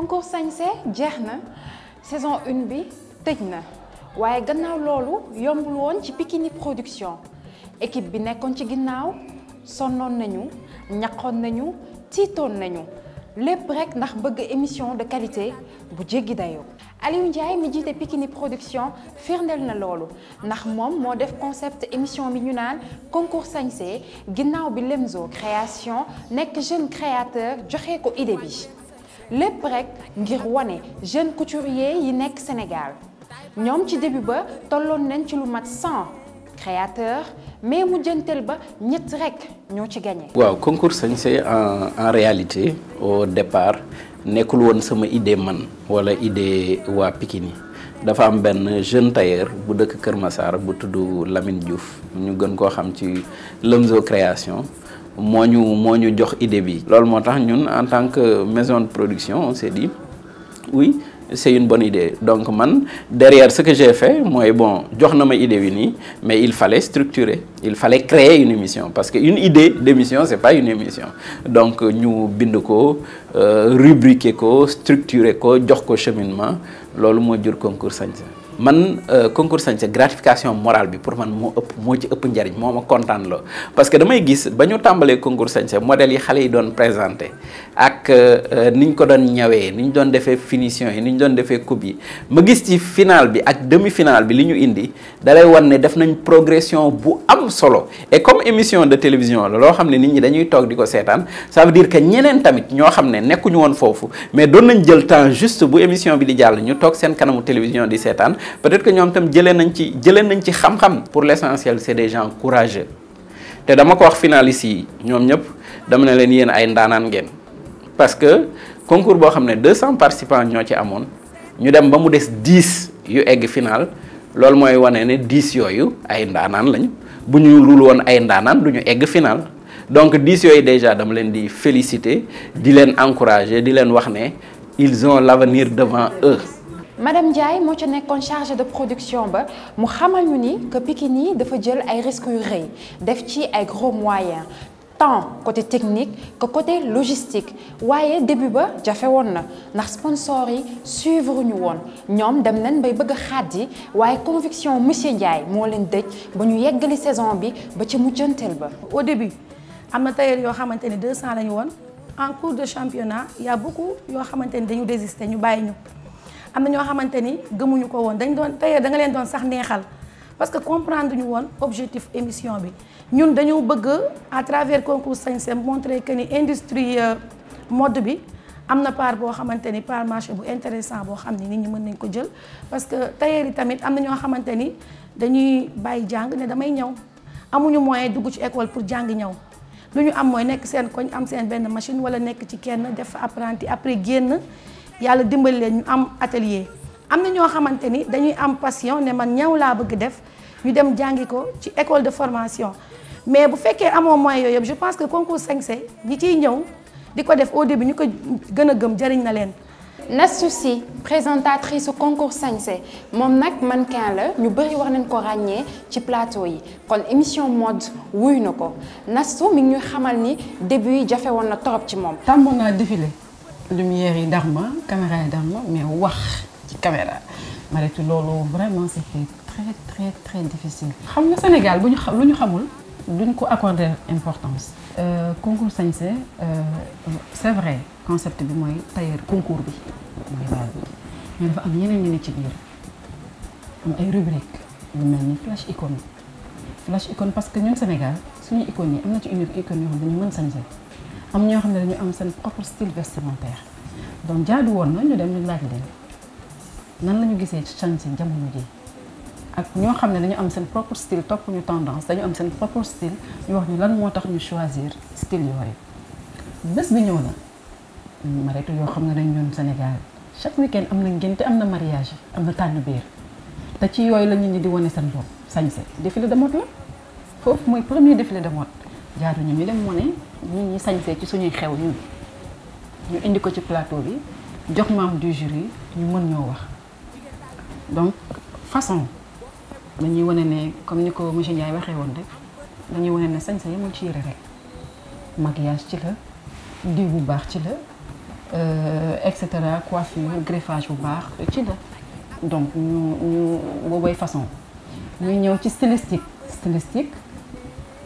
concours sañse jehna saison 1 bi tëj waye gannaaw lolu yombul won ci Pikini Production équipe bi nekkon ci ginnaw sonnon nañu ñakkon nañu tiitoon nañu lépp rek ndax bëgg émission de qualité bu jéggi dayo Aliou Ndiaye mi jité Pikini Production firndel na lolu ndax mom mo def concept émission bi ñu naan concours sañse ginnaw bi Lemzo création nekk jeune créateur joxé ko idée bi. Le jeunes ngir jeune couturier yi Sénégal ñom ci début ba tolloon ci 100 créateurs mais mu sommes ba ñet concours en réalité au départ nous won sama idée man wala idée wa Pikini. dafa am jeune tailleur bu dëkk Kër Création nous nous idée bi en tant que maison de production on s'est dit oui c'est une bonne idée donc man derrière ce que j'ai fait moi bon idée mais il fallait structurer il fallait créer une émission parce qu'une idée d'émission c'est pas une émission donc nous bind ko euh, rubriquer ko structurer ko jox ko cheminement lolu mo concours man euh, concours sañse gratification morale bi pour man moo ëpp moo ci ëpp njariñ moo ma kontaan loo parce que damay gis ba ñu tàmbalee concours sañse modèles yi xale yi doon présenté ak euh, euh, ni ñu ko doon ñawee ni ñu doon defee finition yi ni ñu doon defee coupe yi ma gis ci final bi ak demi final bi li ñu indi dalay wan ne def nañ progression bu am solo et comme émission télévision la loo xam ne nit ñi dañuy toog di ko seetaan ça veut que ñeneen tamit ñoo xam ne nekkuñu woon foofu mais doon nañ jël temps juste bu émission bi di jàll ñu toog seen kanamu télévision di seetaan peut-être que ñoom tam de nañ ci nañ ci xam-xam pour l'essentiel c'est des gens courageux Et dama ko wax finalistes ici, nous avons, dama ne leen yéen ay ndaanaan parce que concours boo 200 participants qui ci ñu dem ba mu des 10 yu egg final loolu mooy wane ne 10 yooyu ay ndaanaan lañu bu ñu lul woon ay ndaanaan du ñu egg final donc 10 yooyu déjà dama leen di féliciter di encourager di wax ils ont l'avenir devant eux madame moi je suis en charge de production ba mu que Pikini dafa risques a gros moyens tant côté technique que côté logistique au début ba fait sponsor suivre ñu dem bay bëgg fait conviction monsieur leen saison au début am na tailleur 200 en cours de championnat il y a beaucoup qui ont désister am na ñoo xamante ni gëmuñu ko woon dañ doon tey da nga leen doon sax neexal parce que comprendre ñu woon objectif émission bi ñun dañoo bëgg à travers concours Sañse montrer que ni industrie euh, mode bi am na part boo xamante ni part marché bu intéressant boo xam ni nit ñi mën nañ ko jël parce que tailleur yi tamit am na ñoo xamante ni dañuy bàyyi jàng ne damay ñëw amuñu moyen dugg ci école pour jàng ñëw lu ñu am mooy nekk seen koñ am seen benn machine wala nekk ci kenn def apprenti après génn yalla dimbali leen ñu am atelier amna ño xamanteni dañuy am passion né man ñew la bëgg def ñu dem jangi ko ci école de formation mais bu féké amo moyens yooyu je pense que concours Sensé ñi ciy ñëw di ko def au début ñu ko gëna gëm jëriñ na leen Nastu présentatrice su concours 5C, moom nak mannequin la ñu bëri war nañ ko ragné ci plateau yi kon émission mode wuy na ko mi ñu xamal ni début jafé won na torop ci moom tàmmoon naa défilé lumière et dar caméra et dar mais wax ci caméra Mais tout lolo. vraiment c'était très très très difficile. xam nga Sénégal bu ñu xam lu ñu xamul duñ ko accorder importance. Euh, concours euh, c'est vrai concept bi mooy tailleur concours bi mooy daal mais dafa am yeneen ñu ne ci biir am ay rubrique lu flash icône flash icône parce que ñun Sénégal suñu économie. yi am na ci une icône yoo xam dañu mën sañse am ñoo xam ne dañu am seen propre style vestimentaire donc jaadu woon na dem ñu laaj leen nan la ñu gisee change jamono ji ak ñoo xam ne dañu am seen propre style topp ñu tendance dañu am seen propre style ñu wax ñu lan moo tax ñu choisir style yooyu bés bi ñëw na maritu yoo xam ne dañ ñoon Sénégal chaque week am na ngénte am na mariage am na tànn biir te ci yooyu la nit ñi di wone seen bopp sañse défilé de mode la foofu mooy premier défilé de ne ñi ñi ci xew ñu indi ko ci plateau du jury ñu mën ñoo donc façon dañuy wane comme ni ko ne maquillage ci la diw bu la euh, coiffure greffage bu donc nous ñu boobay façon ñuy ñëw ci stylistique stylistique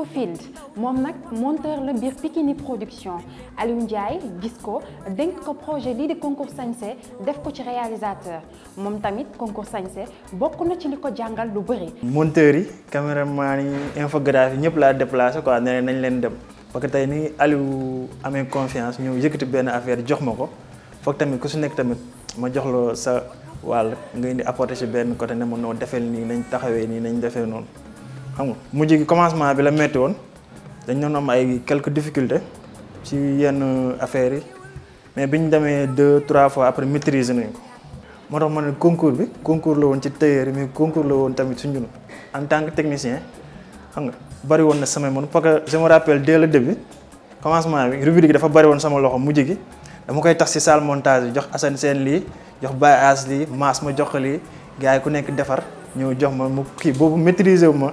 Scofield moom nag monteur le bir Pikini production Aliou Ndiaye gis ko dénk ko projet lii di concours Sañse def ko ci réalisateur moom tamit concours Sañse bokk na ci liko jangal lu beuri. monteur yi cameraman yi infographie ñep la déplacer quoi nee nañ leen dem parce que tey ni Aliou amé confiance ñëw yëkëti ben affaire jox ma ko foog tamit ku su nekk tamit ma jox la sa wal ngay indi apporter ci ben côté ne mo noo defee nii nañ taxawé ni nañ défé non. xam nga mujj gi commencement bi la metti woon dañ doon am ay quelques difficultés ci yenn affaires yi mais biñ demee deux trois fois après maîtriser nañ ko moo tax ma ne concours bi concours la woon ci tailleur mais concours la woon tamit suñu en tant que technicien xam nga bari woon na sama mon parce que je me rappelle dès le début commencement bi rubrique bi dafa bari woon sama loxo mujj gi dama koy tax si salle montage bi jox Assane seen lii jox Baye As lii Maas ma jox lii gars yi ku nekk defar ñëw jox ma mu kii boobu maîtriser ma